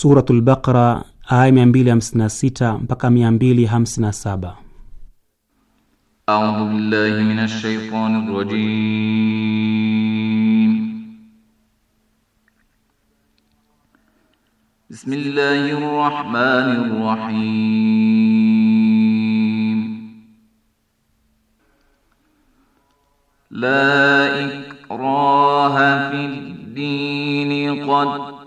Suratul Baqara aya 256 mpaka 257. A'udhu billahi minash shaitanir rajim. Bismillahir rahmanir rahim. La ikraha fid din qad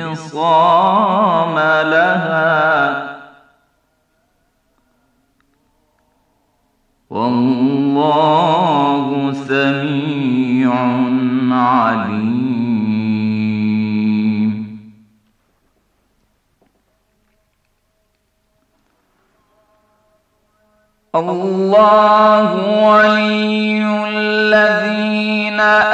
انفصام لها والله سميع عليم الله ولي الذين آمنوا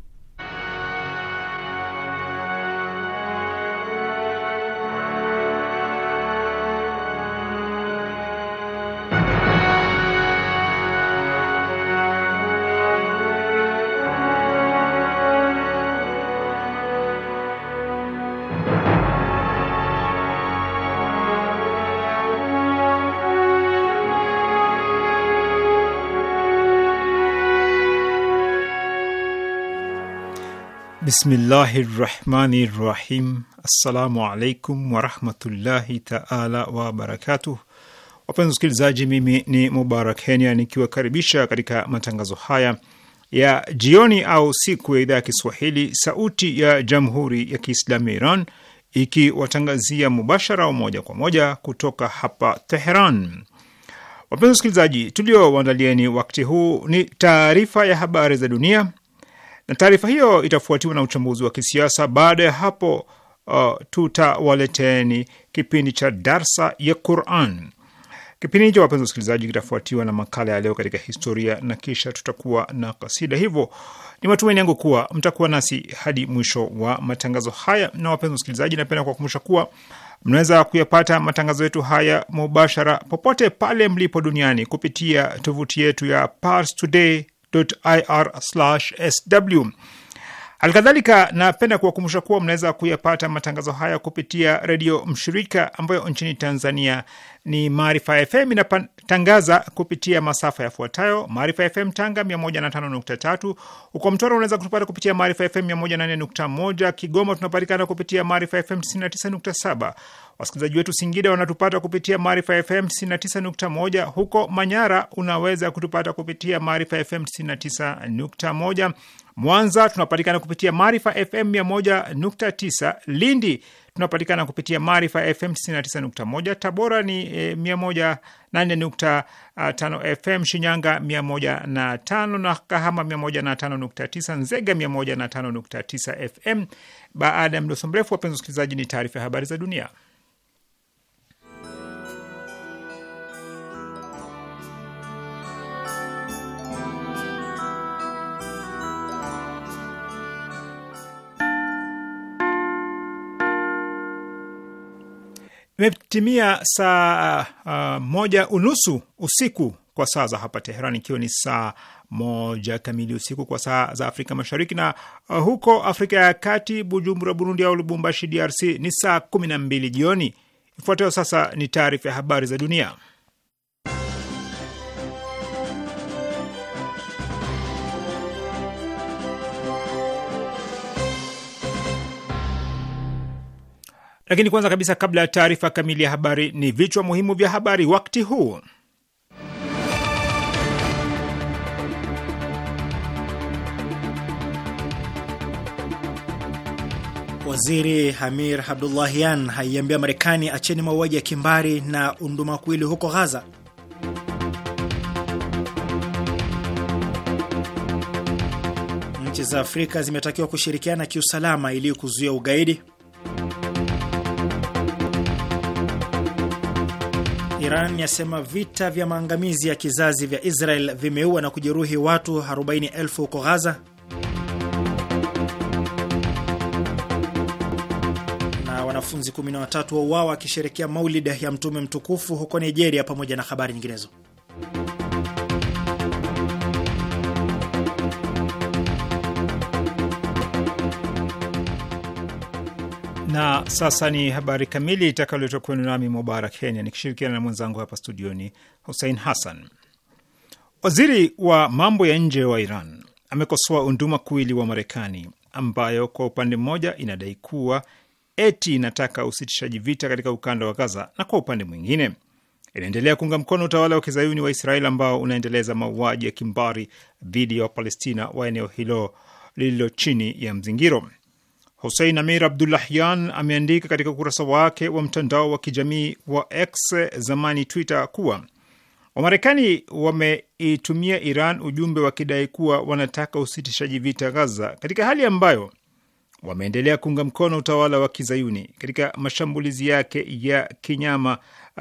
Bismillahi rahmani rahim. Assalamu alaikum warahmatullahi taala wabarakatuh. Wapenzi wasikilizaji, mimi ni Mubarak Kenya nikiwakaribisha katika matangazo haya ya jioni au siku ya idhaa ya Kiswahili sauti ya jamhuri ya Kiislamu ya Iran ikiwatangazia mubashara au moja kwa moja kutoka hapa Teheran. Wapenzi wasikilizaji, tulioandalieni wakati huu ni taarifa ya habari za dunia Taarifa hiyo itafuatiwa na uchambuzi wa kisiasa. Baada ya hapo, uh, tutawaleteni kipindi cha darsa ya Quran. Kipindi hicho, wapenzi wasikilizaji, kitafuatiwa na makala ya leo katika historia na kisha tutakuwa na kasida. Hivyo ni matumaini yangu kuwa mtakuwa nasi hadi mwisho wa matangazo haya. Na wapenzi wasikilizaji, napenda kuwakumbusha kuwa mnaweza kuyapata matangazo yetu haya mubashara popote pale mlipo duniani kupitia tovuti yetu ya Pars Today ir/sw. Alkadhalika, napenda kuwakumbusha kuwa mnaweza kuyapata matangazo haya kupitia redio mshirika ambayo nchini Tanzania ni Maarifa FM, tangaza kupitia masafa yafuatayo: Maarifa FM Tanga 105.3. Uko Mtwara unaweza kutupata kupitia Maarifa FM 108.1. Kigoma tunapatikana kupitia Maarifa FM 99.7. Wasikilizaji wetu Singida wanatupata kupitia Maarifa FM 99.1. Huko Manyara unaweza kutupata kupitia Maarifa FM 99.1. Mwanza tunapatikana kupitia Maarifa FM 101.9. Lindi tunapatikana kupitia Maarifa FM 99.1. Tabora ni e, 8.5 uh, FM, Shinyanga 105 na Kahama 105.9, Nzega 105.9 FM. Baada ya mdoso mrefu, wapenzi wasikilizaji, ni taarifa ya habari za dunia. Imetimia saa uh, moja unusu usiku kwa saa za hapa Teheran, ikiwa ni saa moja kamili usiku kwa saa za Afrika Mashariki, na uh, huko Afrika ya Kati, Bujumbura Burundi au Lubumbashi DRC ni saa kumi na mbili jioni. Ifuatayo sasa ni taarifa ya habari za dunia. Lakini kwanza kabisa, kabla ya taarifa kamili ya habari, ni vichwa muhimu vya habari wakati huu. Waziri Hamir Abdullahian haiambia Marekani acheni mauaji ya kimbari na undumakuili huko Ghaza. Nchi za Afrika zimetakiwa kushirikiana kiusalama ili kuzuia ugaidi. Iran yasema vita vya maangamizi ya kizazi vya Israel vimeua na kujeruhi watu 40,000 huko Gaza. Na wanafunzi 13 wauawa wakisherekea maulida ya Mtume mtukufu huko Nigeria, pamoja na habari nyinginezo. Na sasa ni habari kamili itakayoletwa kwenu nami Mubarak Kenya nikishirikiana na mwenzangu hapa studioni Hussein Hassan. Waziri wa mambo ya nje wa Iran amekosoa unduma kuwili wa Marekani ambayo kwa upande mmoja inadai kuwa eti inataka usitishaji vita katika ukanda wa Gaza na kwa upande mwingine inaendelea kuunga mkono utawala wa kizayuni wa Israeli ambao unaendeleza mauaji ya kimbari dhidi ya Wapalestina wa eneo hilo lililo chini ya mzingiro. Husein Amir Abdullahyan ameandika katika ukurasa wake wa mtandao wa kijamii wa X zamani Twitter kuwa Wamarekani wameitumia Iran ujumbe wakidai kuwa wanataka usitishaji vita Gaza, katika hali ambayo wameendelea kuunga mkono utawala wa kizayuni katika mashambulizi yake ya kinyama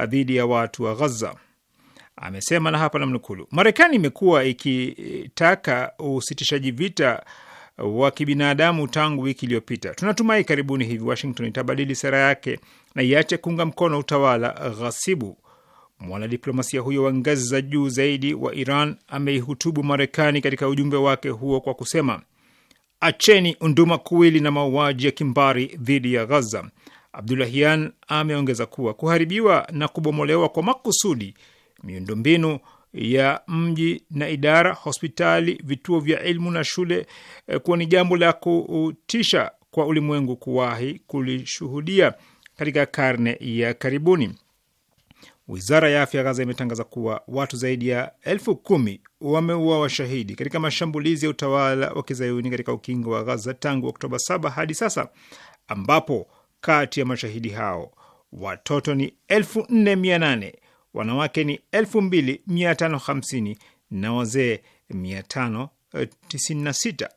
dhidi ya watu wa Gaza. Amesema na hapa namnukulu, Marekani imekuwa ikitaka usitishaji vita wa kibinadamu tangu wiki iliyopita. Tunatumai karibuni hivi Washington itabadili sera yake na iache kuunga mkono utawala ghasibu. Mwanadiplomasia huyo wa ngazi za juu zaidi wa Iran ameihutubu Marekani katika ujumbe wake huo kwa kusema, acheni unduma kuwili na mauaji ya kimbari dhidi ya Ghaza. Abdulahian ameongeza kuwa kuharibiwa na kubomolewa kwa makusudi miundombinu ya mji na idara, hospitali, vituo vya elimu na shule eh, kuwa ni jambo la kutisha kwa ulimwengu kuwahi kulishuhudia katika karne ya karibuni. Wizara ya afya Gaza imetangaza kuwa watu zaidi ya elfu kumi wameua washahidi katika mashambulizi ya utawala wa kizayuni katika ukingo wa Gaza tangu Oktoba 7 hadi sasa, ambapo kati ya mashahidi hao watoto ni elfu nne mia nane wanawake ni 2550 na wazee 596. Eh,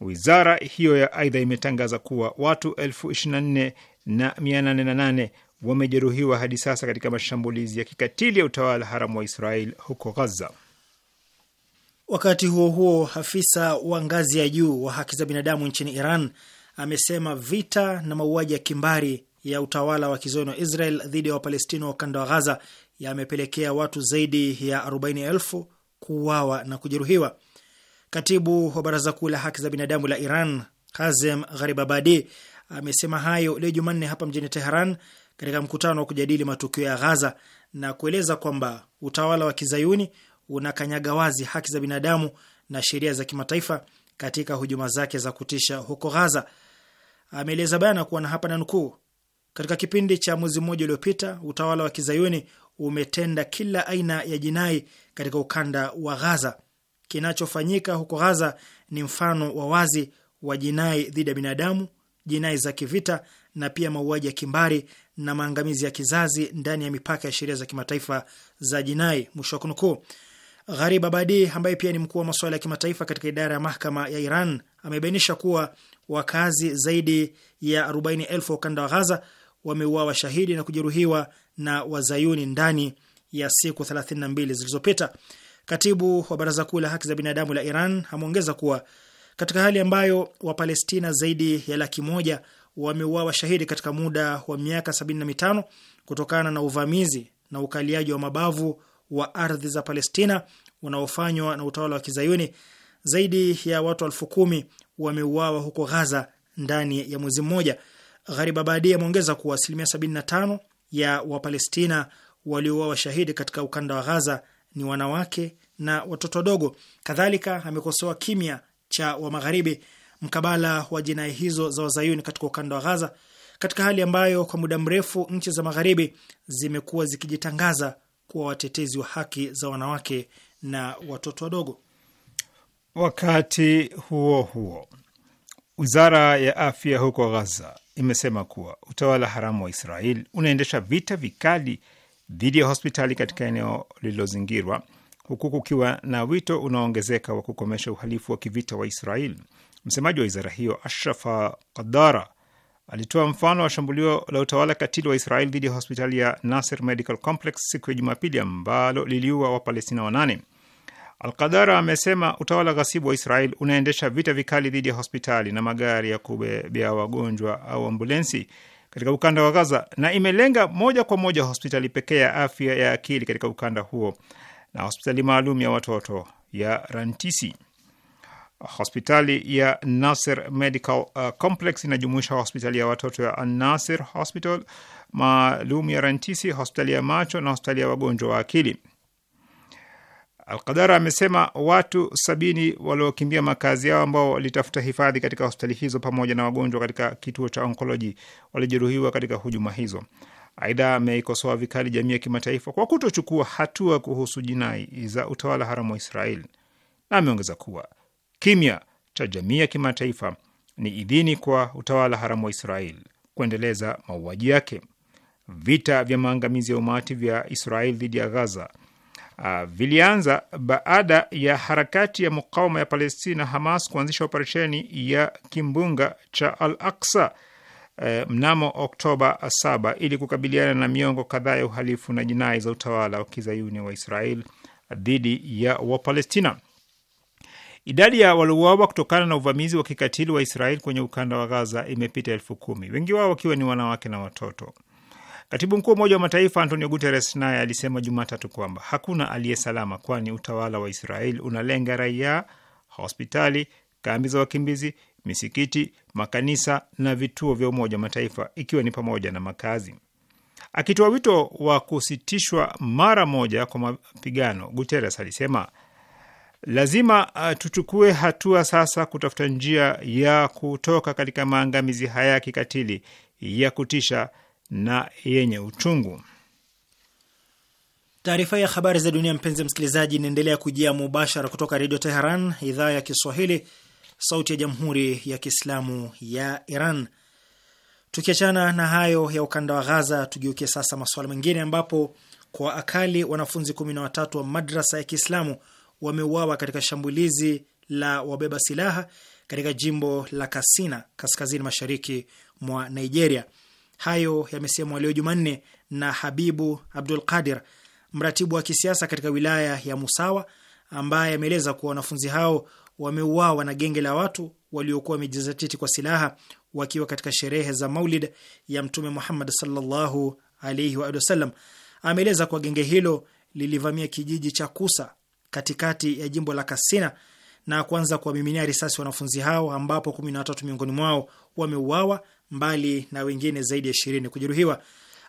Wizara hiyo ya aidha imetangaza kuwa watu 24 na 88 wamejeruhiwa hadi sasa katika mashambulizi ya kikatili ya utawala haramu wa Israel huko Gaza. Wakati huo huo, afisa wa ngazi ya juu wa haki za binadamu nchini Iran amesema vita na mauaji ya kimbari ya utawala wa kizoni wa Israel dhidi ya Wapalestina wa ukanda wa Ghaza yamepelekea watu zaidi ya 40,000 kuuawa na kujeruhiwa. Katibu wa Baraza Kuu la Haki za Binadamu la Iran Kazem Gharibabadi amesema hayo leo Jumanne hapa mjini Teheran katika mkutano wa kujadili matukio ya Ghaza na kueleza kwamba utawala wa kizayuni unakanyaga wazi haki za binadamu na sheria za kimataifa katika hujuma zake za kutisha huko Ghaza. Ameeleza bayana kuwa na hapa na nukuu, katika kipindi cha mwezi mmoja uliopita, utawala wa kizayuni umetenda kila aina ya jinai katika ukanda wa Ghaza. Kinachofanyika huko Ghaza ni mfano wa wazi wa jinai dhidi ya binadamu, jinai za kivita na pia mauaji ya kimbari na maangamizi ya kizazi ndani ya mipaka ya sheria za kimataifa za jinai. Mwisho wa kunukuu. Gharib Abadi, ambaye pia ni mkuu wa masuala ya kimataifa katika idara ya mahakama ya Iran, amebainisha kuwa wakazi zaidi ya elfu wa ukanda wa Ghaza wameuawa shahidi na kujeruhiwa na wazayuni ndani ya siku 32 zilizopita. Katibu wa Baraza Kuu la Haki za Binadamu la Iran ameongeza kuwa katika hali ambayo Wapalestina zaidi ya laki moja wameuawa shahidi katika muda wa miaka 75 kutokana na uvamizi na ukaliaji wa mabavu wa ardhi za Palestina unaofanywa na utawala wa Kizayuni, zaidi ya watu elfu kumi wameuawa huko Ghaza ndani ya mwezi mmoja. Gharibabadi ameongeza kuwa asilimia 75 ya Wapalestina waliouawa washahidi katika ukanda wa Ghaza ni wanawake na watoto wadogo. Kadhalika amekosoa kimya cha wa Magharibi mkabala wa jinai hizo za wazayuni katika ukanda wa Ghaza, katika hali ambayo kwa muda mrefu nchi za Magharibi zimekuwa zikijitangaza kuwa watetezi wa haki za wanawake na watoto wadogo. Wakati huo huo, wizara ya afya huko Ghaza imesema kuwa utawala haramu wa Israel unaendesha vita vikali dhidi ya hospitali katika eneo lililozingirwa huku kukiwa na wito unaoongezeka wa kukomesha uhalifu wa kivita wa Israel. Msemaji wa wizara hiyo ashrafa Kadara alitoa mfano wa shambulio la utawala katili wa Israel dhidi ya hospitali ya Nasser Medical Complex siku ya Jumapili ambalo liliua Wapalestina wanane. Alqadara amesema utawala ghasibu wa Israel unaendesha vita vikali dhidi ya hospitali na magari ya kubebea wagonjwa au ambulensi katika ukanda wa Gaza na imelenga moja kwa moja hospitali pekee ya afya ya akili katika ukanda huo na hospitali maalum ya watoto ya Rantisi. Hospitali ya Nasser Medical uh, Complex inajumuisha hospitali ya watoto ya an Hospital maalum ya Rantisi, hospitali ya macho na hospitali ya wagonjwa wa akili. Alqadara amesema watu sabini waliokimbia makazi yao ambao walitafuta hifadhi katika hospitali hizo pamoja na wagonjwa katika kituo cha onkoloji walijeruhiwa katika hujuma hizo. Aidha, ameikosoa vikali jamii ya kimataifa kwa kutochukua hatua kuhusu jinai za utawala haramu wa israel na ameongeza kuwa kimya cha jamii ya kimataifa ni idhini kwa utawala haramu wa israel kuendeleza mauaji yake. Vita vya maangamizi ya umati vya israel dhidi ya Gaza Ah, vilianza baada ya harakati ya mukawama ya Palestina Hamas kuanzisha operesheni ya kimbunga cha Al-Aqsa uh, mnamo Oktoba 7 ili kukabiliana na miongo kadhaa ya uhalifu na jinai za utawala wa kizayuni wa Israel dhidi ya Wapalestina. Idadi ya waliouawa kutokana na uvamizi wa kikatili wa Israel kwenye ukanda wa Gaza imepita elfu kumi, wengi wao wakiwa ni wanawake na watoto. Katibu mkuu wa Umoja wa Mataifa Antonio Guterres naye alisema Jumatatu kwamba hakuna aliye salama, kwani utawala wa Israeli unalenga raia, hospitali, kambi za wakimbizi, misikiti, makanisa na vituo vya Umoja wa Mataifa, ikiwa ni pamoja na makazi. Akitoa wito wa kusitishwa mara moja kwa mapigano, Guterres alisema lazima uh, tuchukue hatua sasa kutafuta njia ya kutoka katika maangamizi haya ya kikatili ya kutisha na yenye uchungu. Taarifa ya habari za dunia, mpenzi msikilizaji, inaendelea kujia mubashara kutoka Redio Teheran, idhaa ya Kiswahili, sauti ya Jamhuri ya Kiislamu ya Iran. Tukiachana na hayo ya ukanda wa Ghaza, tugeukie sasa masuala mengine, ambapo kwa akali wanafunzi kumi na watatu wa madrasa ya Kiislamu wameuawa katika shambulizi la wabeba silaha katika jimbo la Katsina, kaskazini mashariki mwa Nigeria. Hayo yamesemwa leo Jumanne na Habibu Abdul Qadir, mratibu wa kisiasa katika wilaya ya Musawa, ambaye ameeleza kuwa wanafunzi hao wameuawa na genge la watu waliokuwa wamejizatiti kwa silaha wakiwa katika sherehe za Maulid ya Mtume Muhammad sallallahu alaihi wa sallam. Ameeleza kuwa genge hilo lilivamia kijiji cha Kusa katikati ya jimbo la Kasina na kuanza kuwamiminia risasi wanafunzi hao ambapo kumi na watatu miongoni mwao wameuawa mbali na wengine zaidi ya ishirini kujeruhiwa.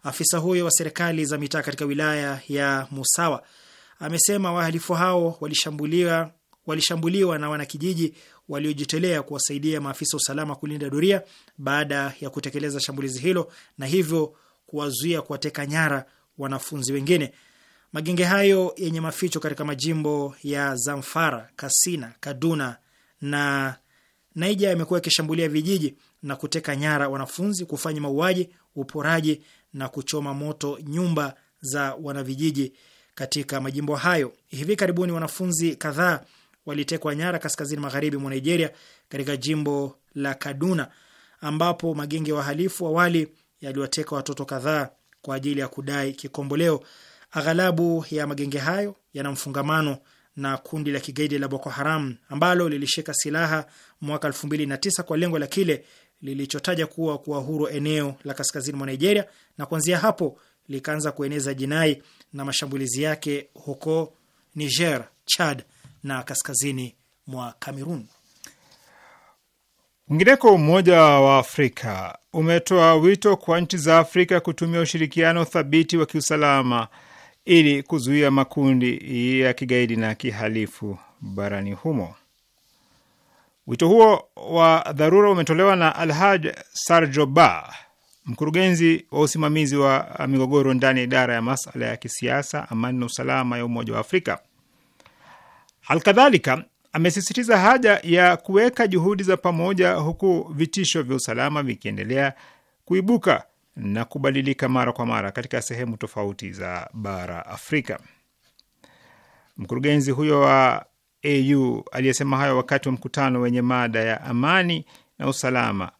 Afisa huyo wa serikali za mitaa katika wilaya ya Musawa amesema wahalifu hao walishambuliwa, walishambuliwa na wanakijiji waliojitolea kuwasaidia maafisa usalama kulinda doria baada ya kutekeleza shambulizi hilo na hivyo kuwazuia kuwateka nyara wanafunzi wengine. Magenge hayo yenye maficho katika majimbo ya Zamfara, Kasina, Kaduna na Naija yamekuwa yakishambulia vijiji na kuteka nyara wanafunzi, kufanya mauaji, uporaji na kuchoma moto nyumba za wanavijiji katika majimbo hayo. Hivi karibuni wanafunzi kadhaa walitekwa nyara kaskazini magharibi mwa Nigeria, katika jimbo la Kaduna, ambapo magenge ya wahalifu awali yaliwateka watoto kadhaa kwa ajili ya kudai kikomboleo. Aghalabu ya magenge hayo yana mfungamano na kundi la kigaidi la Boko Haram ambalo lilishika silaha mwaka elfu mbili na tisa kwa lengo la kile lilichotaja kuwa kuwa huru eneo la kaskazini mwa Nigeria, na kuanzia hapo likaanza kueneza jinai na mashambulizi yake huko Niger, Chad na kaskazini mwa Kamerun. Mwingineko, Umoja wa Afrika umetoa wito kwa nchi za Afrika kutumia ushirikiano thabiti wa kiusalama ili kuzuia makundi ya kigaidi na kihalifu barani humo. Wito huo wa dharura umetolewa na Alhaj Sarjoba, mkurugenzi wa usimamizi wa migogoro ndani ya idara ya masala ya kisiasa, amani na usalama ya Umoja wa Afrika. Alkadhalika amesisitiza haja ya kuweka juhudi za pamoja, huku vitisho vya usalama vikiendelea kuibuka na kubadilika mara kwa mara katika sehemu tofauti za bara Afrika. Mkurugenzi huyo wa AU aliyesema hayo wakati wa mkutano wenye mada ya amani na usalama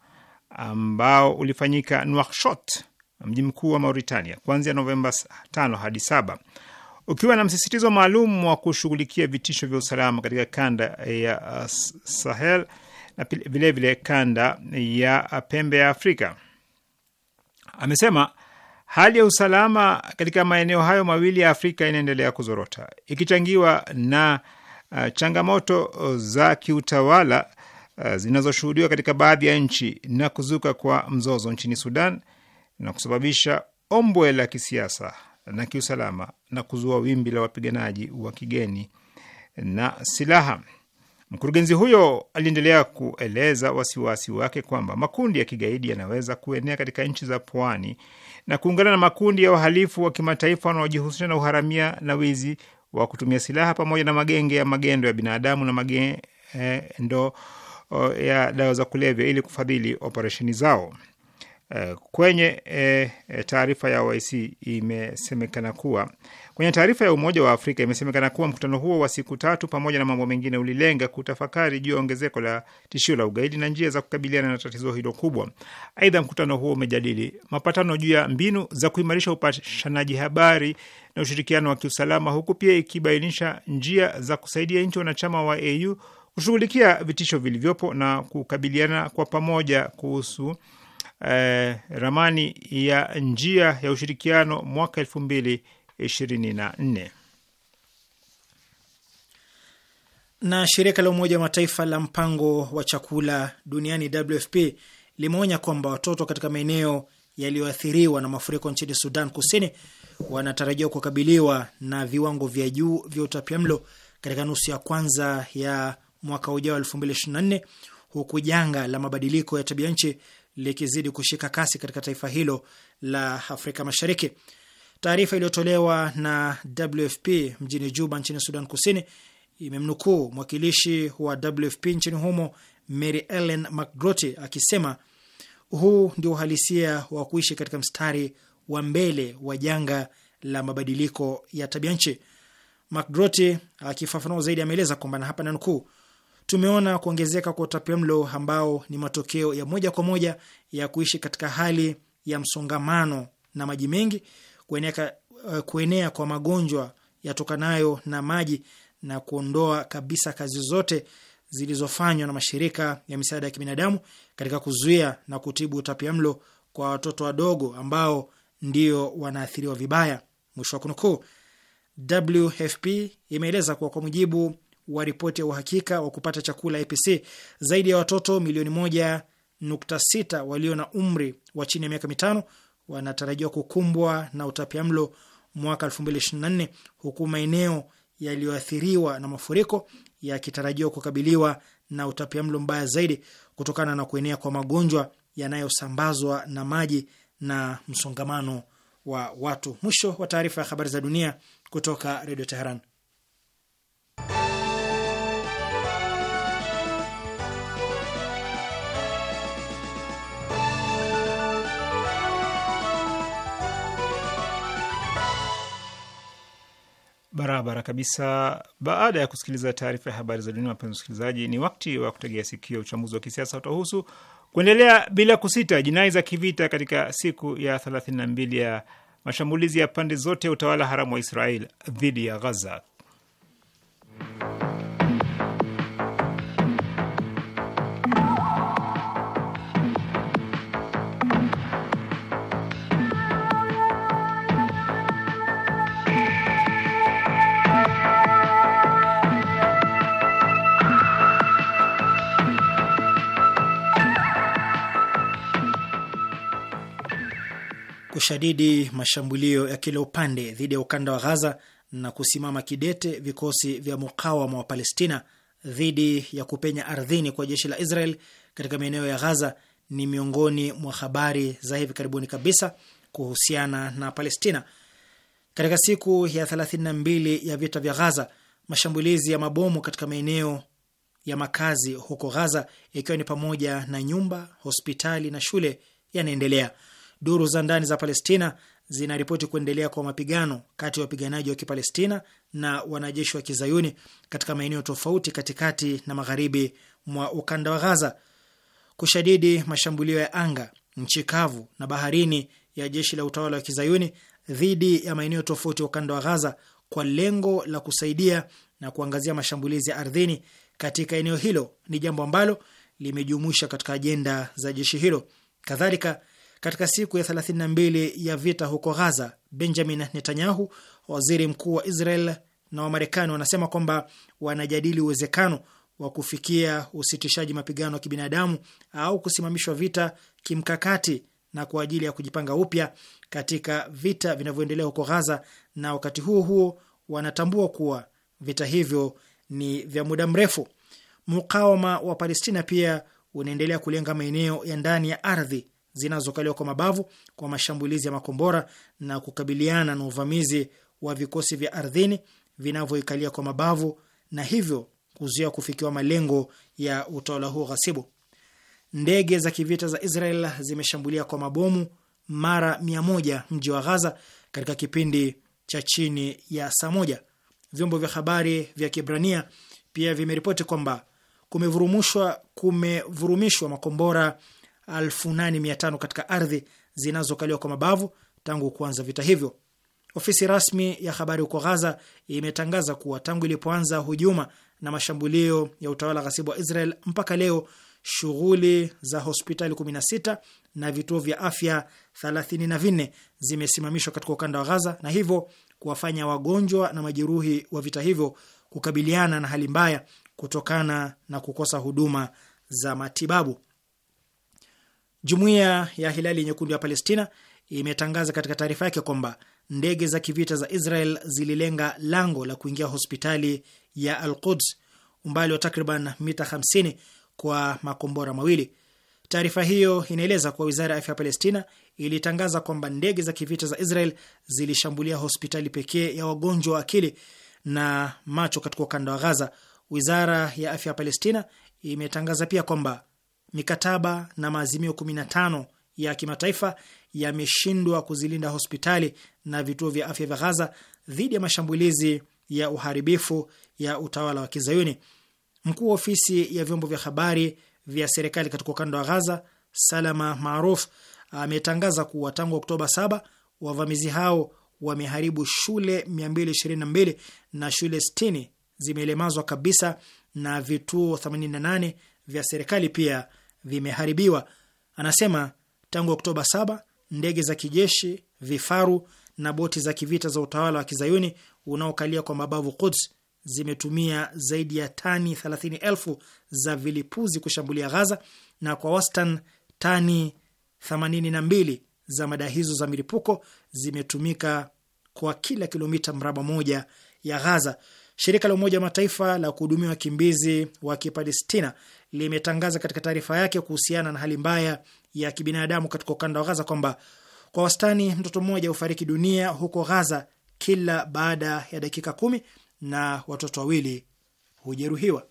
ambao ulifanyika Nouakchott, mji mkuu wa Mauritania, kuanzia Novemba 5 hadi 7 ukiwa na msisitizo maalum wa kushughulikia vitisho vya usalama katika kanda ya uh, Sahel na vilevile vile kanda ya pembe ya Afrika. Amesema hali ya usalama katika maeneo hayo mawili ya Afrika inaendelea kuzorota ikichangiwa na Uh, changamoto uh, za kiutawala uh, zinazoshuhudiwa katika baadhi ya nchi na kuzuka kwa mzozo nchini Sudan na kusababisha ombwe la kisiasa na kiusalama na kuzua wimbi la wapiganaji wa kigeni na silaha. Mkurugenzi huyo aliendelea kueleza wasiwasi wake kwamba makundi ya kigaidi yanaweza kuenea katika nchi za pwani na kuungana na makundi ya wahalifu wa kimataifa wanaojihusisha na uharamia na wizi wa kutumia silaha pamoja na magenge ya magendo ya binadamu na magendo eh, ya dawa za kulevya ili kufadhili operesheni zao. Eh, kwenye eh, taarifa ya OIC imesemekana kuwa Kwenye taarifa ya Umoja wa Afrika imesemekana kuwa mkutano huo wa siku tatu pamoja na mambo mengine ulilenga kutafakari juu ya ongezeko la tishio la ugaidi na njia za kukabiliana na tatizo hilo kubwa. Aidha, mkutano huo umejadili mapatano juu ya mbinu za kuimarisha upashanaji habari na ushirikiano wa kiusalama, huku pia ikibainisha njia za kusaidia nchi wanachama wa AU kushughulikia vitisho vilivyopo na kukabiliana kwa pamoja kuhusu eh, ramani ya njia ya ushirikiano mwaka elfu mbili 24. Na shirika la Umoja wa Mataifa la mpango wa chakula duniani WFP limeonya kwamba watoto katika maeneo yaliyoathiriwa na mafuriko nchini Sudan Kusini wanatarajiwa kukabiliwa na viwango vya juu vya utapiamlo katika nusu ya kwanza ya mwaka ujao 2024 huku janga la mabadiliko ya tabia nchi likizidi kushika kasi katika taifa hilo la Afrika Mashariki. Taarifa iliyotolewa na WFP mjini Juba nchini Sudan Kusini imemnukuu mwakilishi wa WFP nchini humo Mary Ellen McGroty akisema huu ndio uhalisia wa kuishi katika mstari wa mbele wa janga la mabadiliko ya tabia nchi. McGroty akifafanua zaidi ameeleza kwamba na hapa na nukuu, tumeona kuongezeka kwa utapiamlo ambao ni matokeo ya moja kwa moja ya kuishi katika hali ya msongamano na maji mengi kuenea, eh, kuenea kwa magonjwa yatokanayo na maji na kuondoa kabisa kazi zote zilizofanywa na mashirika ya misaada ya kibinadamu katika kuzuia na kutibu utapiamlo kwa watoto wadogo ambao ndio wanaathiriwa vibaya. Mwisho wa kunukuu. WFP imeeleza kuwa kwa mujibu wa ripoti ya uhakika wa kupata chakula APC, zaidi ya watoto milioni moja nukta sita walio na umri wa chini ya miaka mitano wanatarajiwa kukumbwa na utapiamlo mwaka 2024 huku maeneo yaliyoathiriwa na mafuriko yakitarajiwa kukabiliwa na utapiamlo mbaya zaidi kutokana na kuenea kwa magonjwa yanayosambazwa na maji na msongamano wa watu. Mwisho wa taarifa ya habari za dunia kutoka Redio Teheran. barabara kabisa. Baada ya kusikiliza taarifa ya habari za dunia, wapenzi wasikilizaji, ni wakati wa kutegea sikio. Uchambuzi wa kisiasa utahusu kuendelea bila kusita jinai za kivita katika siku ya 32 ya mashambulizi ya pande zote ya utawala haramu wa Israel dhidi ya Gaza. kushadidi mashambulio ya kila upande dhidi ya ukanda wa Ghaza na kusimama kidete vikosi vya mukawama wa Palestina dhidi ya kupenya ardhini kwa jeshi la Israel katika maeneo ya Ghaza ni miongoni mwa habari za hivi karibuni kabisa kuhusiana na Palestina. Katika siku ya 32 ya vita vya Ghaza, mashambulizi ya mabomu katika maeneo ya makazi huko Ghaza, ikiwa ni pamoja na nyumba, hospitali na shule yanaendelea. Duru za ndani za Palestina zinaripoti kuendelea kwa mapigano kati ya wapiganaji wa Kipalestina na wanajeshi wa Kizayuni katika maeneo tofauti katikati na magharibi mwa ukanda wa Ghaza. Kushadidi mashambulio ya anga, nchi kavu na baharini ya jeshi la utawala wa Kizayuni dhidi ya maeneo tofauti ya ukanda wa Ghaza kwa lengo la kusaidia na kuangazia mashambulizi ya ardhini katika eneo hilo ni jambo ambalo limejumuisha katika ajenda za jeshi hilo. Kadhalika katika siku ya 32 ya vita huko Ghaza, Benjamin Netanyahu, waziri mkuu wa Israel, na Wamarekani wanasema kwamba wanajadili uwezekano wa kufikia usitishaji mapigano ya kibinadamu au kusimamishwa vita kimkakati na kwa ajili ya kujipanga upya katika vita vinavyoendelea huko Ghaza, na wakati huo huo wanatambua kuwa vita hivyo ni vya muda mrefu. Mukawama wa Palestina pia unaendelea kulenga maeneo ya ndani ya ardhi zinazokaliwa kwa mabavu kwa mashambulizi ya makombora na kukabiliana na uvamizi wa vikosi vya ardhini vinavyoikalia kwa mabavu na hivyo kuzuia kufikiwa malengo ya utawala huo ghasibu. Ndege za kivita za Israel zimeshambulia kwa mabomu mara mia moja mji wa Ghaza katika kipindi cha chini ya saa moja. Vyombo vya habari vya Kibrania pia vimeripoti kwamba kumevurumishwa kumevurumishwa makombora 85 katika ardhi zinazokaliwa kwa mabavu tangu kuanza vita hivyo. Ofisi rasmi ya habari huko Ghaza imetangaza kuwa tangu ilipoanza hujuma na mashambulio ya utawala ghasibu wa Israel mpaka leo shughuli za hospitali 16 na vituo vya afya 34 zimesimamishwa katika ukanda wa Ghaza na hivyo kuwafanya wagonjwa na majeruhi wa vita hivyo kukabiliana na hali mbaya kutokana na kukosa huduma za matibabu. Jumuiya ya Hilali Nyekundu ya Palestina imetangaza katika taarifa yake kwamba ndege za kivita za Israel zililenga lango la kuingia hospitali ya Al Quds umbali wa takriban mita 50 kwa makombora mawili. Taarifa hiyo inaeleza kuwa wizara ya afya ya Palestina ilitangaza kwamba ndege za kivita za Israel zilishambulia hospitali pekee ya wagonjwa wa akili na macho katika ukanda wa ghaza Wizara ya afya ya Palestina imetangaza pia kwamba mikataba na maazimio 15 ya kimataifa yameshindwa kuzilinda hospitali na vituo vya afya vya Ghaza dhidi ya mashambulizi ya uharibifu ya utawala wa Kizayuni. Mkuu wa ofisi ya vyombo vya habari vya serikali katika ukanda wa Ghaza, Salama Maruf, ametangaza kuwa tangu Oktoba 7 wavamizi hao wameharibu shule 222 na shule 60 zimelemazwa kabisa na vituo 88 vya serikali pia vimeharibiwa. Anasema tangu Oktoba 7 ndege za kijeshi, vifaru na boti za kivita za utawala wa kizayuni unaokalia kwa mabavu Quds zimetumia zaidi ya tani elfu za vilipuzi kushambulia Ghaza na kwa wastan tani 82 za mada hizo za milipuko zimetumika kwa kila kilomita mraba moja ya Ghaza. Shirika la Umoja wa Mataifa la kuhudumia wakimbizi wa Kipalestina limetangaza katika taarifa yake kuhusiana na hali mbaya ya kibinadamu katika ukanda wa Gaza kwamba kwa wastani mtoto mmoja hufariki dunia huko Gaza kila baada ya dakika kumi na watoto wawili hujeruhiwa.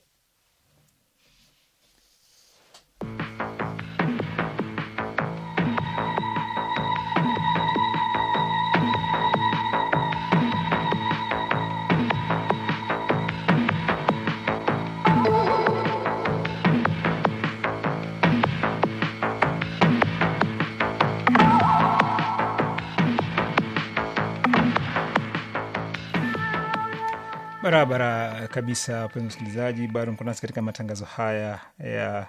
Barabara kabisa, wapenzi msikilizaji, bado mko nasi katika matangazo haya ya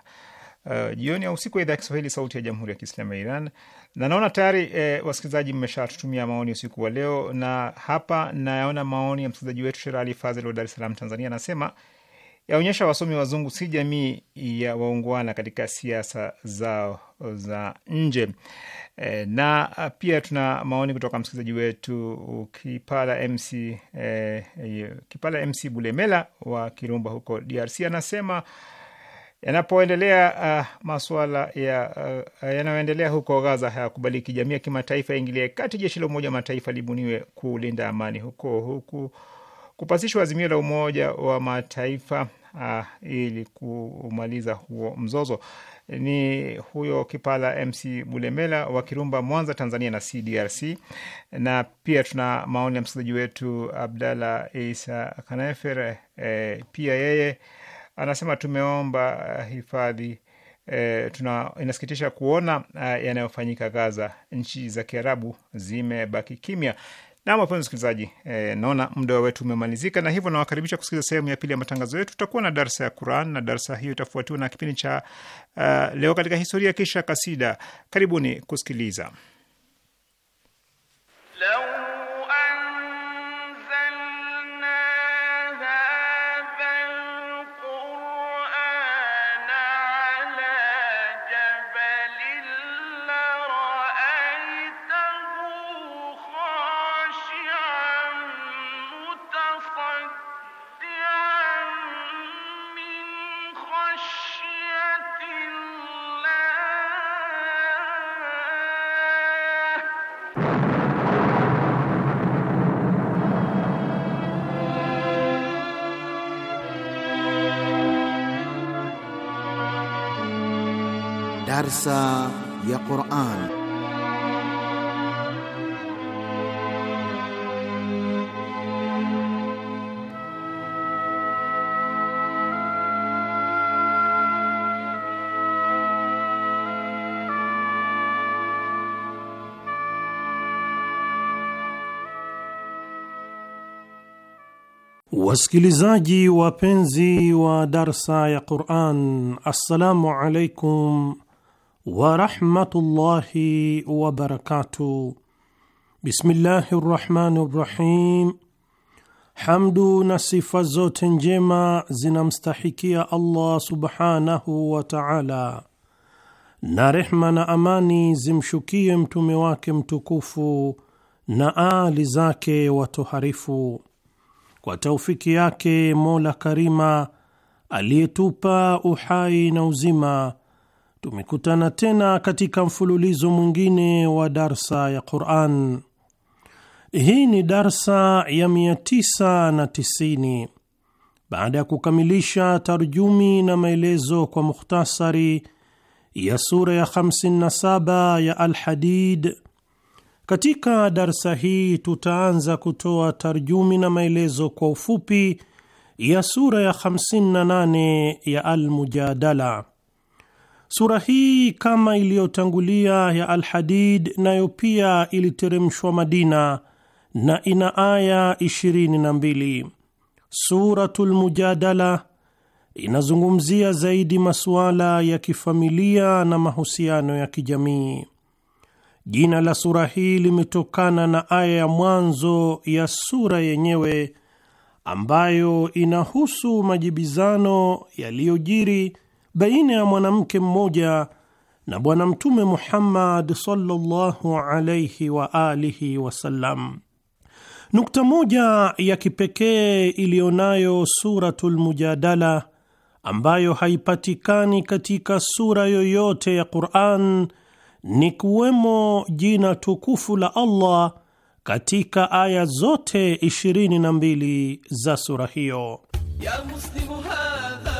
uh, jioni au usiku wa idhaa ya Kiswahili sauti ya jamhuri ya kiislamu ya Iran na naona tayari eh, wasikilizaji mmeshatutumia maoni usiku wa leo, na hapa nayaona maoni ya msikilizaji wetu Sherali Fazel wa Dar es Salaam, Tanzania, anasema yaonyesha wasomi wazungu si jamii ya waungwana katika siasa zao za nje. E, na pia tuna maoni kutoka msikilizaji wetu Kipala MC, e, e, Kipala MC Bulemela wa Kirumba huko DRC anasema yanapoendelea uh, masuala ya uh, yanayoendelea huko Gaza hayakubaliki. Jamii ya kimataifa ingilie kati, jeshi la Umoja wa Mataifa libuniwe kulinda amani huko huku kupasishwa azimio la Umoja wa Mataifa uh, ili kumaliza huo mzozo. Ni huyo Kipala MC Bulemela wa Kirumba, Mwanza, Tanzania na CDRC. Na pia tuna maoni ya msikilizaji wetu Abdalla Isa Kanefer, eh, pia yeye anasema tumeomba eh, hifadhi E, tuna, inasikitisha kuona uh, yanayofanyika Gaza. Nchi za Kiarabu zimebaki kimya. Nam, wapenzi msikilizaji, e, eh, naona muda wetu umemalizika, na hivyo nawakaribisha kusikiliza sehemu ya pili ya matangazo yetu. Tutakuwa na darsa ya Quran na darsa hiyo itafuatiwa na kipindi cha uh, leo katika historia, kisha kasida. Karibuni kusikiliza leo. درس يا قرآن Wasikilizaji wapenzi wa darsa ya Quran, assalamu alaikum wa rahmatullahi wa barakatuh. Bismillahi rahmani rahim. Hamdu na sifa zote njema zinamstahikia Allah subhanahu wa ta'ala, na rehma na amani zimshukie mtume wake mtukufu na aali zake watoharifu. Kwa taufiki yake Mola Karima aliyetupa uhai na uzima tumekutana tena katika mfululizo mwingine wa darsa ya Quran. Hii ni darsa ya 990 baada ya kukamilisha tarjumi na maelezo kwa mukhtasari ya sura ya 57 ya alhadid Katika darsa hii tutaanza kutoa tarjumi na maelezo kwa ufupi ya sura ya 58 ya almujadala Sura hii kama iliyotangulia ya Al-Hadid nayo pia iliteremshwa Madina na ina aya 22. Suratul Mujadala inazungumzia zaidi masuala ya kifamilia na mahusiano ya kijamii. Jina la sura hii limetokana na aya ya mwanzo ya sura yenyewe ambayo inahusu majibizano yaliyojiri baina ya mwanamke mmoja na Bwana Mtume Muhammad sallallahu alayhi wa alihi wasallam. Nukta moja ya kipekee iliyonayo Suratul Mujadala ambayo haipatikani katika sura yoyote ya Qur'an ni kuwemo jina tukufu la Allah katika aya zote 22 za sura hiyo ya Muslimu hadha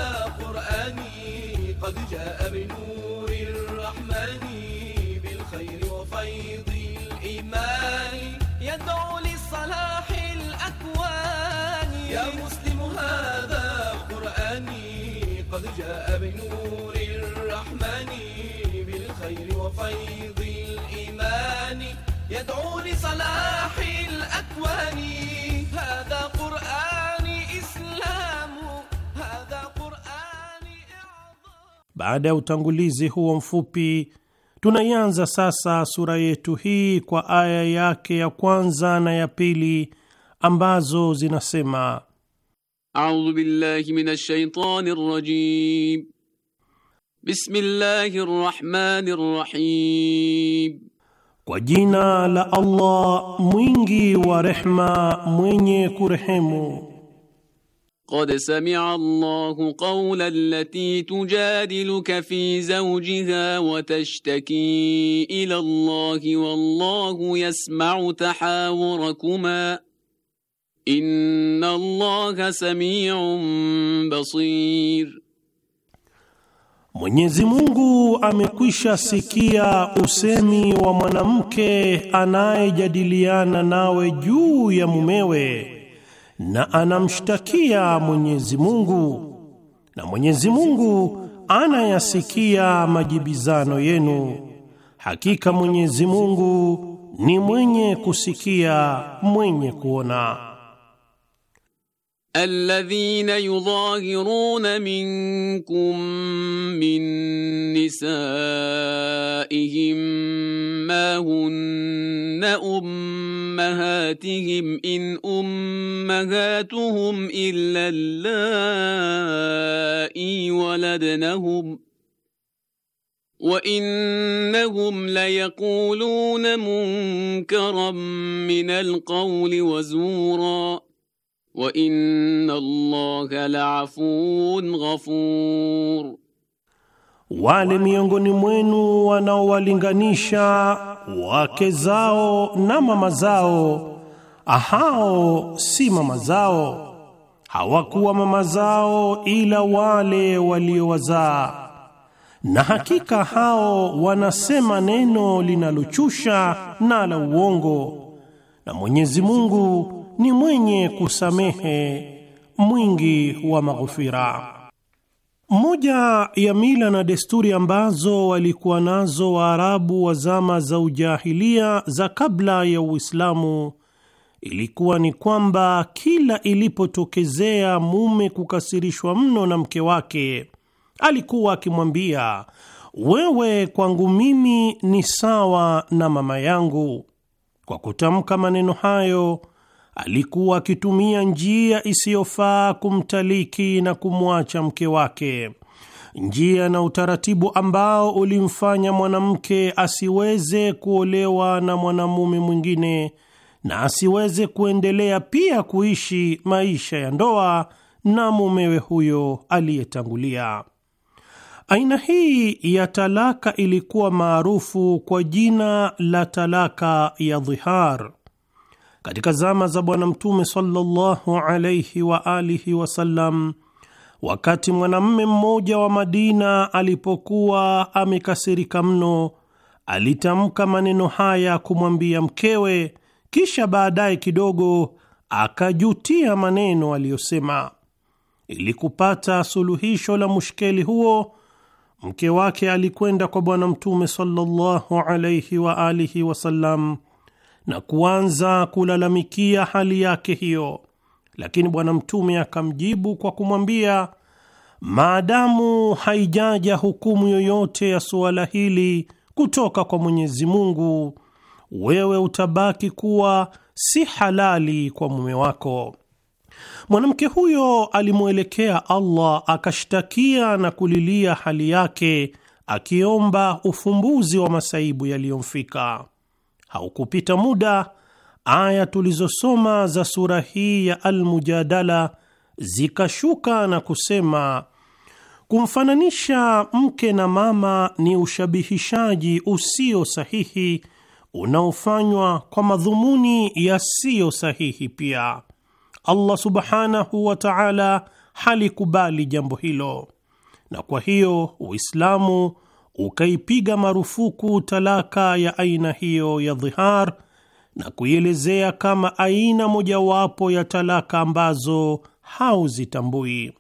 Baada ya utangulizi huo mfupi, tunaianza sasa sura yetu hii kwa aya yake ya kwanza na ya pili ambazo zinasema: audhu billahi minash shaitani rajim, bismillahi rahmani rahim Kwa jina la Allah mwingi wa rehma mwenye kurehemu. قد سمع الله قول التي تجادلك في زوجها وتشتكي إلى الله والله يسمع تحاوركما إن الله سميع بصير Mwenyezi Mungu amekwisha sikia usemi wa mwanamke anayejadiliana nawe juu ya mumewe na anamshtakia Mwenyezi Mungu, na Mwenyezi Mungu anayasikia majibizano yenu. Hakika Mwenyezi Mungu ni mwenye kusikia, mwenye kuona. الذين يظاهرون منكم من نسائهم ما هن امهاتهم ان امهاتهم الا اللائي ولدنهم وانهم ليقولون منكرا من القول وزورا wa inna Allaha la'afuwun ghafur. Wale miongoni mwenu wanaowalinganisha wake zao na mama zao, hao si mama zao, hawakuwa mama zao ila wale waliowazaa, na hakika hao wanasema neno linalochusha na la uongo, na Mwenyezi Mungu ni mwenye kusamehe mwingi wa maghfira. Moja ya mila na desturi ambazo walikuwa nazo Waarabu wa zama za ujahilia za kabla ya Uislamu ilikuwa ni kwamba kila ilipotokezea mume kukasirishwa mno na mke wake, alikuwa akimwambia, wewe kwangu mimi ni sawa na mama yangu. Kwa kutamka maneno hayo alikuwa akitumia njia isiyofaa kumtaliki na kumwacha mke wake, njia na utaratibu ambao ulimfanya mwanamke asiweze kuolewa na mwanamume mwingine na asiweze kuendelea pia kuishi maisha ya ndoa na mumewe huyo aliyetangulia. Aina hii ya talaka ilikuwa maarufu kwa jina la talaka ya dhihar. Katika zama za Bwana Mtume sallallahu alaihi wa alihi wasallam, wakati mwanamme mmoja wa Madina alipokuwa amekasirika mno, alitamka maneno haya kumwambia mkewe, kisha baadaye kidogo akajutia maneno aliyosema. Ili kupata suluhisho la mushkeli huo, mke wake alikwenda kwa Bwana Mtume sallallahu alaihi wa alihi wasallam na kuanza kulalamikia hali yake hiyo, lakini Bwana Mtume akamjibu kwa kumwambia, maadamu haijaja hukumu yoyote ya suala hili kutoka kwa Mwenyezi Mungu, wewe utabaki kuwa si halali kwa mume wako. Mwanamke huyo alimwelekea Allah akashtakia na kulilia hali yake, akiomba ufumbuzi wa masaibu yaliyomfika haukupita muda, aya tulizosoma za sura hii ya Almujadala zikashuka na kusema kumfananisha mke na mama ni ushabihishaji usio sahihi unaofanywa kwa madhumuni yasiyo sahihi. Pia Allah subhanahu wa taala halikubali jambo hilo, na kwa hiyo Uislamu ukaipiga marufuku talaka ya aina hiyo ya dhihar na kuielezea kama aina mojawapo ya talaka ambazo hauzitambui.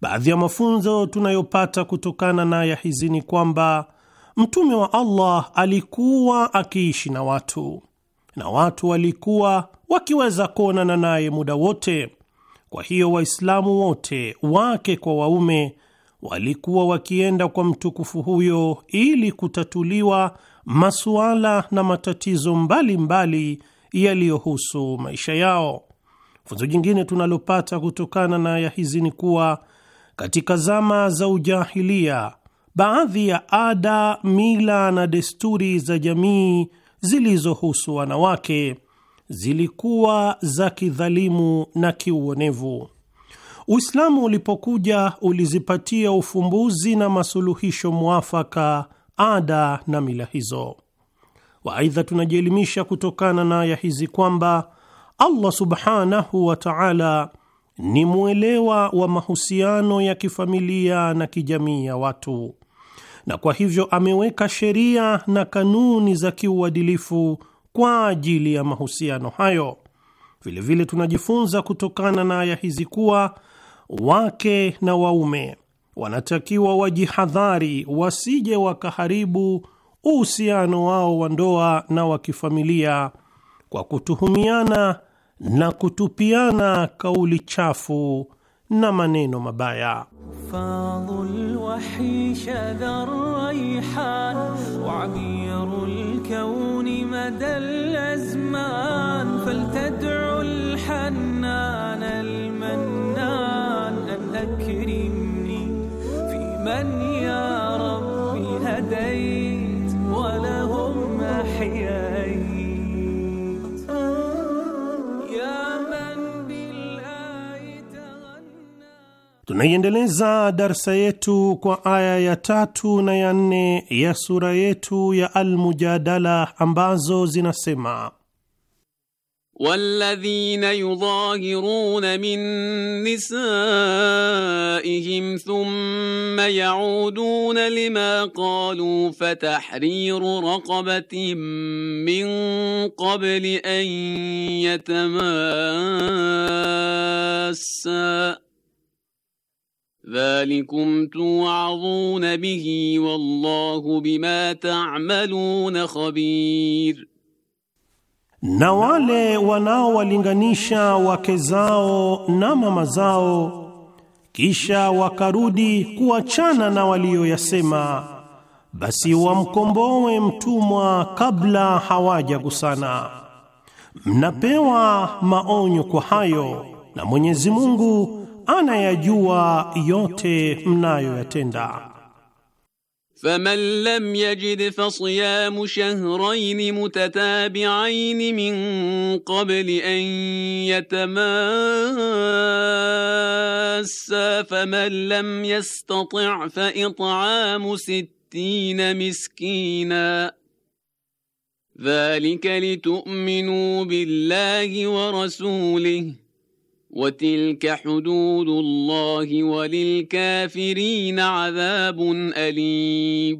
Baadhi ya mafunzo tunayopata kutokana na ya hizi ni kwamba Mtume wa Allah alikuwa akiishi na watu na watu walikuwa wakiweza kuonana naye muda wote. Kwa hiyo Waislamu wote wake kwa waume walikuwa wakienda kwa mtukufu huyo ili kutatuliwa masuala na matatizo mbalimbali yaliyohusu maisha yao. Funzo jingine tunalopata kutokana na aya hizi ni kuwa katika zama za ujahilia, baadhi ya ada, mila na desturi za jamii zilizohusu wanawake zilikuwa za kidhalimu na kiuonevu. Uislamu ulipokuja ulizipatia ufumbuzi na masuluhisho mwafaka ada na mila hizo. Waaidha, tunajielimisha kutokana na aya hizi kwamba Allah subhanahu wa taala ni mwelewa wa mahusiano ya kifamilia na kijamii ya watu, na kwa hivyo ameweka sheria na kanuni za kiuadilifu kwa ajili ya mahusiano hayo. Vilevile tunajifunza kutokana na aya hizi kuwa wake na waume wanatakiwa wajihadhari wasije wakaharibu uhusiano wao wa ndoa na wa kifamilia kwa kutuhumiana na kutupiana kauli chafu na maneno mabaya. Tunaiendeleza darsa yetu kwa aya ya tatu na ya nne ya sura yetu ya Almujadala ambazo zinasema والذين يظاهرون من نسائهم ثم يعودون لما قالوا فتحرير رقبة من قبل أن يتماسا ذلكم توعظون به والله بما تعملون خبير na wale wanaowalinganisha wake zao na mama zao kisha wakarudi kuachana na walioyasema basi wamkomboe mtumwa kabla hawajagusana mnapewa maonyo kwa hayo na Mwenyezi Mungu أنا يا جوا anayajua yote mnayoyatenda. فمن لم يجد فصيام شهرين متتابعين من قبل أن يتماسا فمن لم يستطع فإطعام ستين مسكينا ذلك لتؤمنوا بالله ورسوله وتلك حدود الله وللكافرين عذاب أليم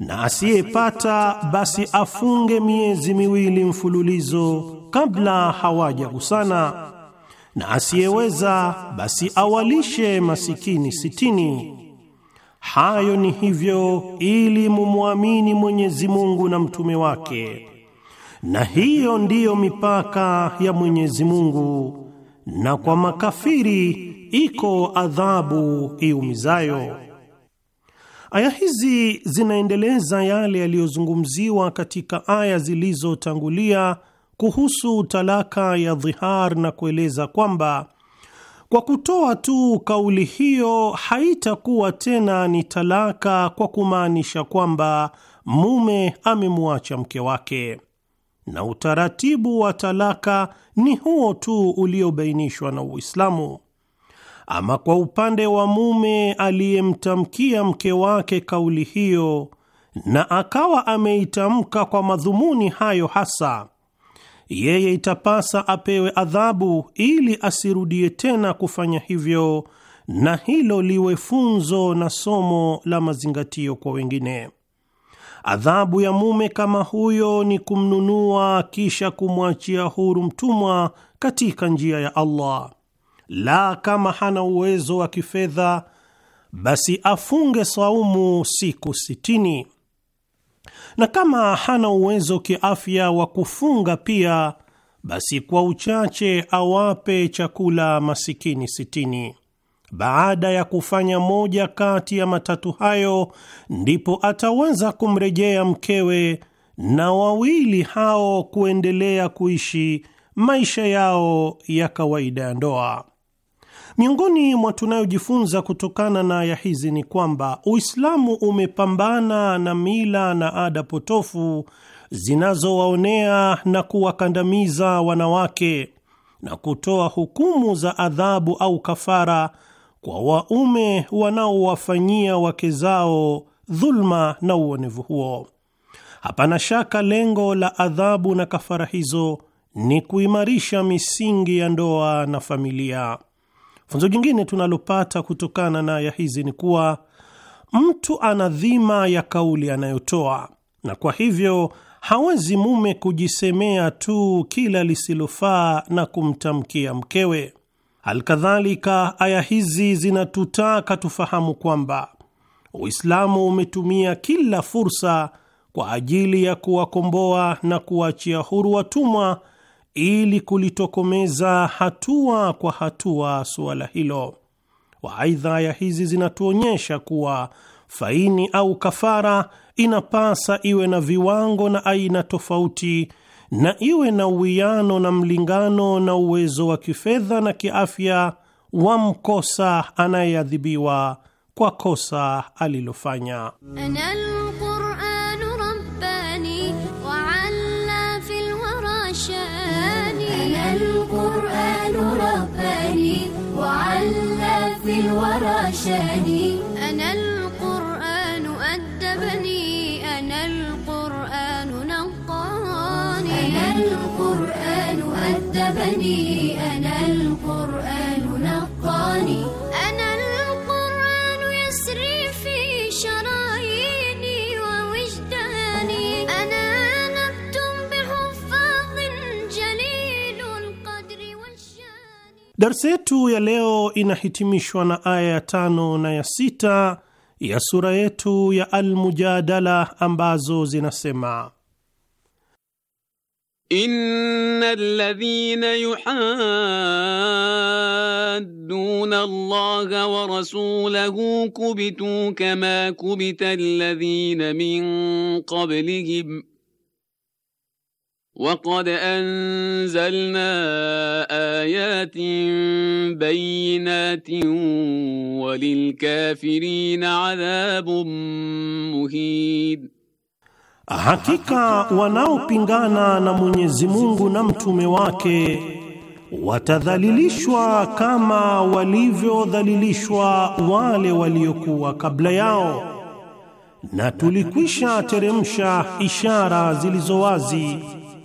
na asiyepata basi afunge miezi miwili mfululizo kabla hawaja hawajagusana, na asiyeweza basi awalishe masikini sitini. Hayo ni hivyo ili mumwamini Mwenyezi Mungu na mtume wake, na hiyo ndiyo mipaka ya Mwenyezi Mungu na kwa makafiri iko adhabu iumizayo. Aya hizi zinaendeleza yale yaliyozungumziwa katika aya zilizotangulia kuhusu talaka ya dhihar na kueleza kwamba kwa kutoa tu kauli hiyo haitakuwa tena ni talaka kwa kumaanisha kwamba mume amemwacha mke wake na utaratibu wa talaka ni huo tu uliobainishwa na Uislamu. Ama kwa upande wa mume aliyemtamkia mke wake kauli hiyo na akawa ameitamka kwa madhumuni hayo hasa, yeye itapasa apewe adhabu ili asirudie tena kufanya hivyo, na hilo liwe funzo na somo la mazingatio kwa wengine. Adhabu ya mume kama huyo ni kumnunua kisha kumwachia huru mtumwa katika njia ya Allah. La, kama hana uwezo wa kifedha basi afunge saumu siku sitini, na kama hana uwezo kiafya wa kufunga pia, basi kwa uchache awape chakula masikini sitini. Baada ya kufanya moja kati ya matatu hayo, ndipo ataweza kumrejea mkewe na wawili hao kuendelea kuishi maisha yao ya kawaida ya ndoa. Miongoni mwa tunayojifunza kutokana na aya hizi ni kwamba Uislamu umepambana na mila na ada potofu zinazowaonea na kuwakandamiza wanawake na kutoa hukumu za adhabu au kafara kwa waume wanaowafanyia wake zao dhulma na uonevu huo. Hapana shaka lengo la adhabu na kafara hizo ni kuimarisha misingi ya ndoa na familia. Funzo jingine tunalopata kutokana na aya hizi ni kuwa mtu ana dhima ya kauli anayotoa, na kwa hivyo hawezi mume kujisemea tu kila lisilofaa na kumtamkia mkewe. Alkadhalika, aya hizi zinatutaka tufahamu kwamba Uislamu umetumia kila fursa kwa ajili ya kuwakomboa na kuwachia huru watumwa ili kulitokomeza hatua kwa hatua suala hilo. Waaidha, aya hizi zinatuonyesha kuwa faini au kafara inapasa iwe na viwango na aina tofauti na iwe na uwiano na mlingano na uwezo wa kifedha na kiafya wa mkosa anayeadhibiwa kwa kosa alilofanya. أدبني أنا القرآن نقاني أنا القرآن يسري في شراييني ووجداني أنا نبت بحفاظ جليل القدر والشان درس yetu ya leo inahitimishwa na aya ya tano na ya sita ya sura yetu ya Al-Mujadala ambazo zinasema إن الذين يحادون الله ورسوله كبتوا كما كبت الذين من قبلهم وقد أنزلنا آيات بينات وللكافرين عذاب مهين Hakika wanaopingana na Mwenyezi Mungu na mtume wake watadhalilishwa kama walivyodhalilishwa wale waliokuwa kabla yao, na tulikwisha teremsha ishara zilizo wazi,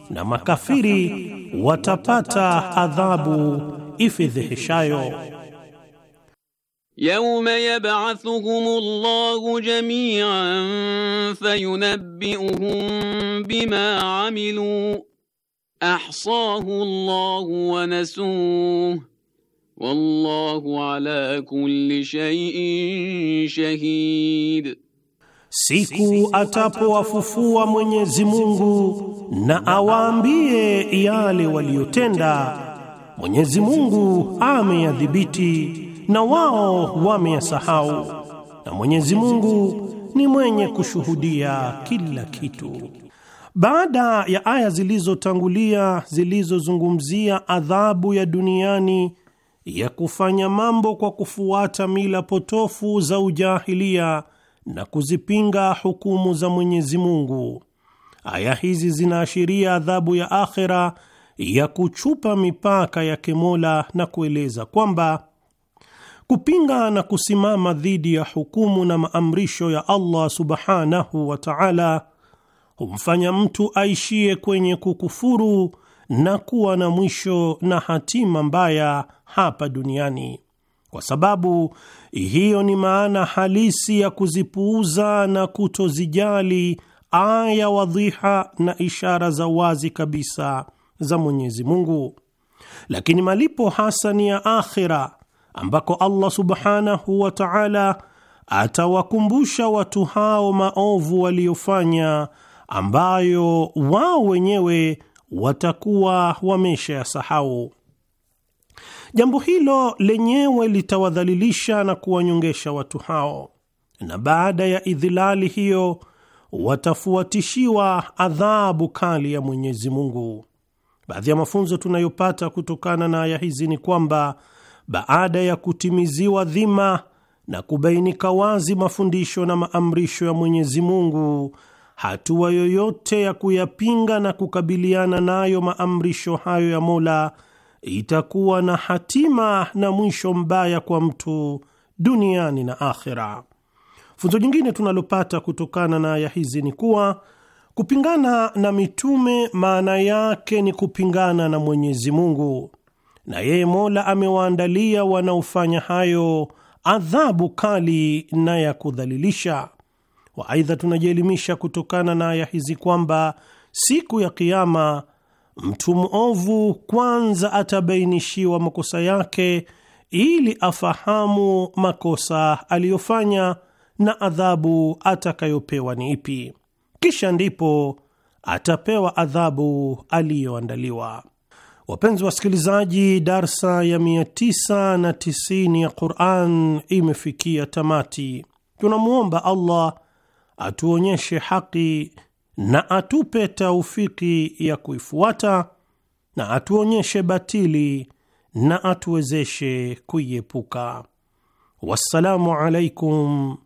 na makafiri watapata adhabu ifedheheshayo. يوم يبعثهم الله جميعا فينبئهم بما عملوا احصاه الله ونسوه والله على كل شيء شهيد siku atapowafufua mwenyezi mungu na awaambie yale waliyotenda mwenyezi mungu ameyadhibiti na wao wameyasahau, na Mwenyezi Mungu ni mwenye kushuhudia kila kitu. Baada ya aya zilizotangulia zilizozungumzia adhabu ya duniani ya kufanya mambo kwa kufuata mila potofu za ujahilia na kuzipinga hukumu za Mwenyezi Mungu, aya hizi zinaashiria adhabu ya akhera ya kuchupa mipaka yake Mola na kueleza kwamba kupinga na kusimama dhidi ya hukumu na maamrisho ya Allah subhanahu wa ta'ala humfanya mtu aishie kwenye kukufuru na kuwa na mwisho na hatima mbaya hapa duniani, kwa sababu hiyo ni maana halisi ya kuzipuuza na kutozijali aya wadhiha na ishara za wazi kabisa za Mwenyezi Mungu. Lakini malipo hasa ni ya akhira ambako Allah subhanahu wa ta'ala atawakumbusha watu hao maovu waliofanya ambayo wao wenyewe watakuwa wamesha sahau Jambo hilo lenyewe litawadhalilisha na kuwanyongesha watu hao, na baada ya idhilali hiyo watafuatishiwa adhabu kali ya Mwenyezi Mungu. Baadhi ya mafunzo tunayopata kutokana na aya hizi ni kwamba baada ya kutimiziwa dhima na kubainika wazi mafundisho na maamrisho ya Mwenyezi Mungu, hatua yoyote ya kuyapinga na kukabiliana nayo maamrisho hayo ya Mola itakuwa na hatima na mwisho mbaya kwa mtu duniani na akhera. Funzo jingine tunalopata kutokana na aya hizi ni kuwa kupingana na mitume maana yake ni kupingana na Mwenyezi Mungu na yeye Mola amewaandalia wanaofanya hayo adhabu kali na ya kudhalilisha. wa Aidha, tunajielimisha kutokana na aya hizi kwamba siku ya Kiama mtu mwovu kwanza atabainishiwa makosa yake ili afahamu makosa aliyofanya na adhabu atakayopewa ni ipi, kisha ndipo atapewa adhabu aliyoandaliwa. Wapenzi wasikilizaji, darsa ya 990 ya Quran imefikia tamati. Tunamwomba Allah atuonyeshe haki na atupe taufiki ya kuifuata na atuonyeshe batili na atuwezeshe kuiepuka. Wassalamu alaikum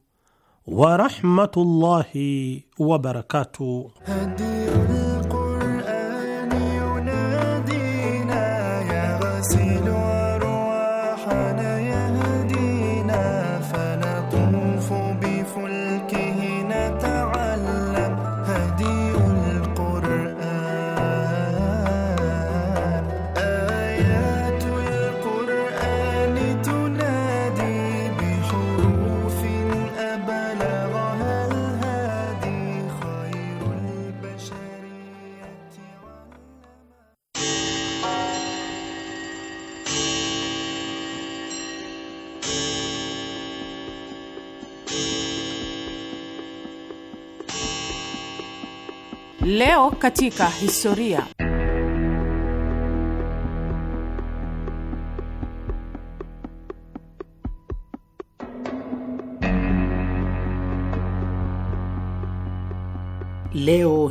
warahmatullahi wabarakatuh. Leo katika historia. Leo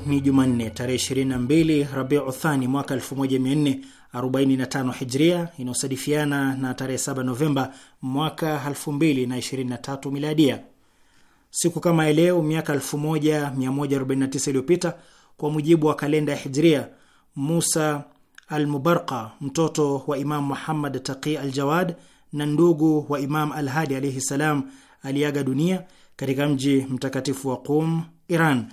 ni Jumanne tarehe 22 Rabiu Thani mwaka 1445 Hijria, inayosadifiana na tarehe 7 Novemba mwaka 2023 Miladia. Siku kama ya leo miaka 1149 iliyopita kwa mujibu wa kalenda ya Hijria, Musa Almubarqa mtoto wa Imam Muhammad Taqi al jawad na ndugu wa Imam Alhadi alaihi salam aliaga dunia katika mji mtakatifu wa Qum, Iran.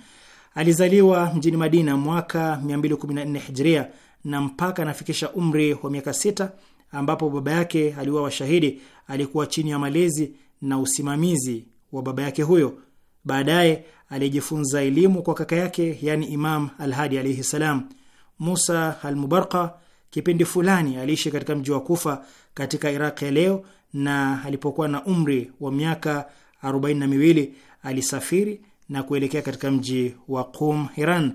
Alizaliwa mjini Madina mwaka 214 Hijria na mpaka anafikisha umri wa miaka sita ambapo baba yake aliwa washahidi alikuwa chini ya malezi na usimamizi wa baba yake huyo. Baadaye aliyejifunza elimu kwa kaka yake, yani Imam Alhadi alaihi salam. Musa Almubarka kipindi fulani aliishi katika mji wa Kufa katika Iraq ya leo, na alipokuwa na umri wa miaka arobaini na miwili alisafiri na kuelekea katika mji wa Qum, Iran.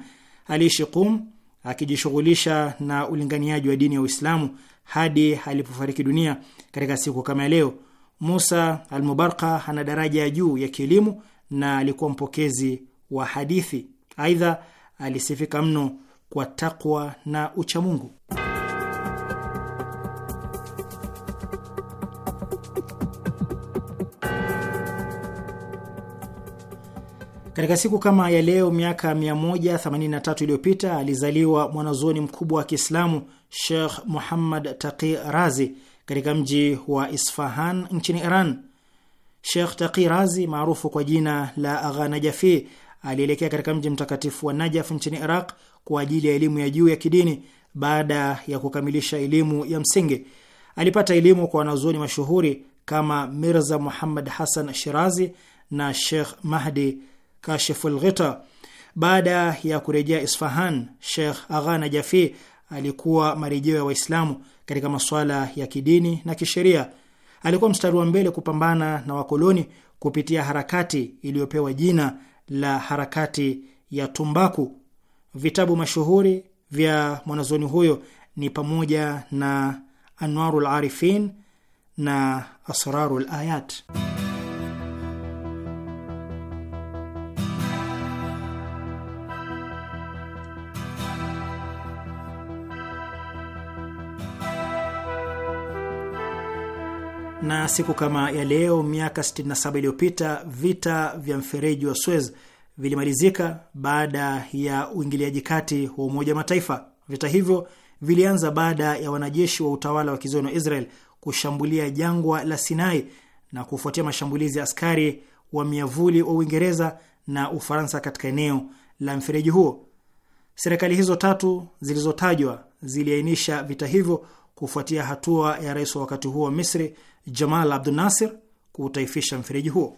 Aliishi Qum akijishughulisha na ulinganiaji wa dini ya Uislamu hadi alipofariki dunia katika siku kama ya leo. Musa Almubarka ana daraja ya juu ya kielimu na alikuwa mpokezi wa hadithi. Aidha, alisifika mno kwa takwa na uchamungu. Katika siku kama ya leo miaka 183 iliyopita alizaliwa mwanazuoni mkubwa wa Kiislamu Sheikh Muhammad Taqi Razi katika mji wa Isfahan nchini Iran shekh Taqi Razi maarufu kwa jina la Agha Najafi alielekea katika mji mtakatifu wa Najaf nchini Iraq kwa ajili ya elimu ya juu ya kidini. Baada ya kukamilisha elimu ya msingi, alipata elimu kwa wanazuoni mashuhuri kama Mirza Muhammad Hassan Shirazi na shekh Mahdi Kashiful Ghita. Baada ya kurejea Isfahan, shekh Agha Najafi alikuwa marejeo ya Waislamu katika masuala ya kidini na kisheria Alikuwa mstari wa mbele kupambana na wakoloni kupitia harakati iliyopewa jina la harakati ya tumbaku. Vitabu mashuhuri vya mwanazoni huyo ni pamoja na Anwarul Arifin na Asrarul Ayat. na siku kama ya leo miaka 67 iliyopita vita vya mfereji wa Suez vilimalizika baada ya uingiliaji kati wa Umoja wa Mataifa. Vita hivyo vilianza baada ya wanajeshi wa utawala wa kizoni wa Israel kushambulia jangwa la Sinai na kufuatia mashambulizi ya askari wa miavuli wa Uingereza na Ufaransa katika eneo la mfereji huo. Serikali hizo tatu zilizotajwa ziliainisha vita hivyo kufuatia hatua ya rais wa wakati huo wa Misri Jamal Abdunasir kuutaifisha mfereji huo.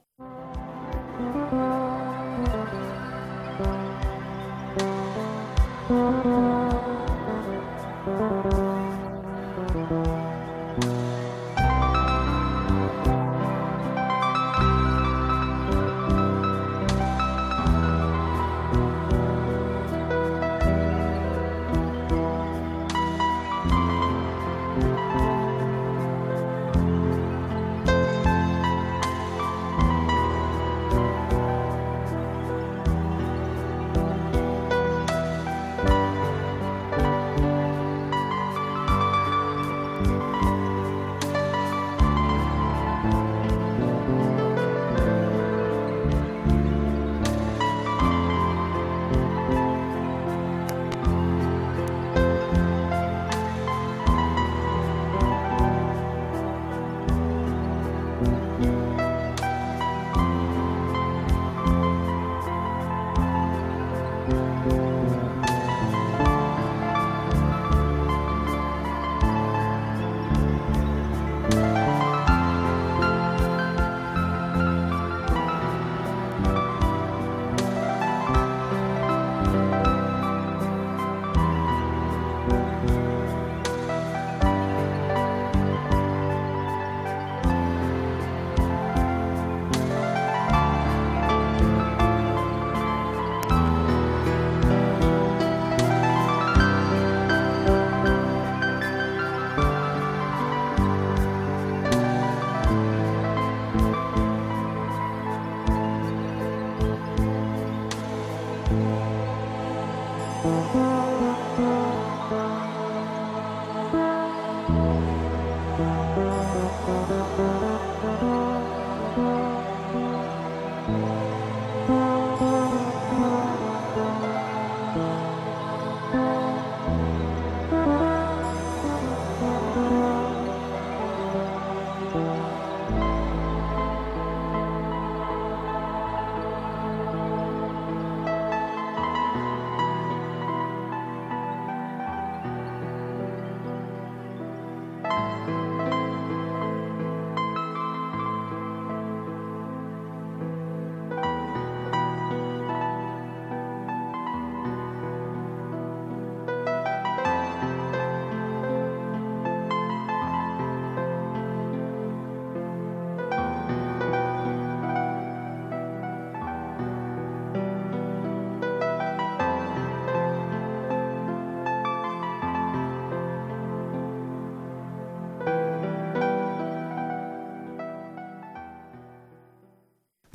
Mm-hmm.